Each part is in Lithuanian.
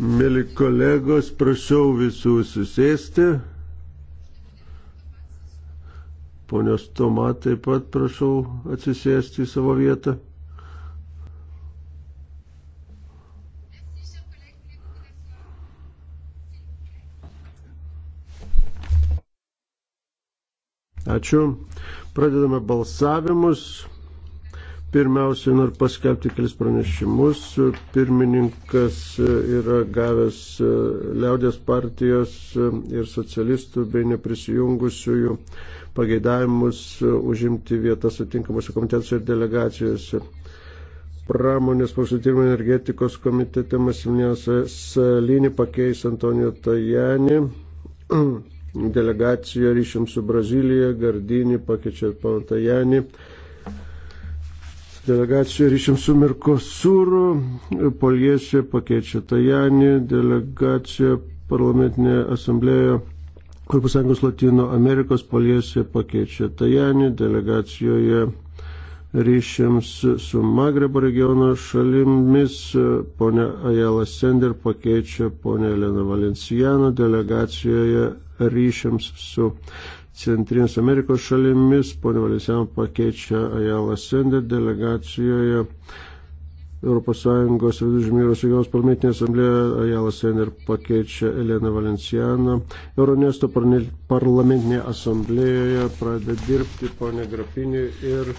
Mėly kolegos, prašau visų susėsti. Ponios Toma taip pat prašau atsisėsti į savo vietą. Ačiū. Pradedame balsavimus. Pirmiausia, noriu paskelbti kelis pranešimus. Pirmininkas yra gavęs e, Liaudės partijos e, ir socialistų bei neprisijungusiųjų pageidavimus e, užimti vietas atinkamuose komitetuose ir delegacijose. Pramonės pasityrimo energetikos komitete Masimnės Salinį pakeis Antonijo Tajani. Delegacija ryšiam su Brazilija, Gardinį pakeičia Pantajani. Tajani delegacija ryšiam su Mirkosūru, Poliečia pakeičia Tajani, delegacija parlamentinė asamblėje. Europos Sąjungos Latino Amerikos Poliesė pakeičia Tajani, delegacijoje ryšiams su Magrebo regiono šalimis. Pone Ajala Sender pakeičia ponę Eleną Valencijaną delegacijoje ryšiams su Centrinės Amerikos šalimis. Pone Valencijaną pakeičia Ajala Sender delegacijoje. ES Vidužmyros regionos parlamentinė asamblėje Ajala Sener pakeičia Elena Valencianą. Euronesto parlamentinė asamblėje pradeda dirbti ponė Grapinė ir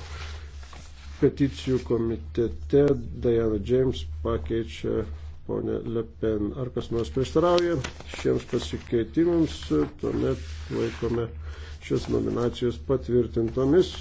peticijų komitete Diana James pakeičia ponę Le Pen. Ar kas nors prieštarauja šiems pasikeitimams, tuomet laikome šias nominacijas patvirtintomis.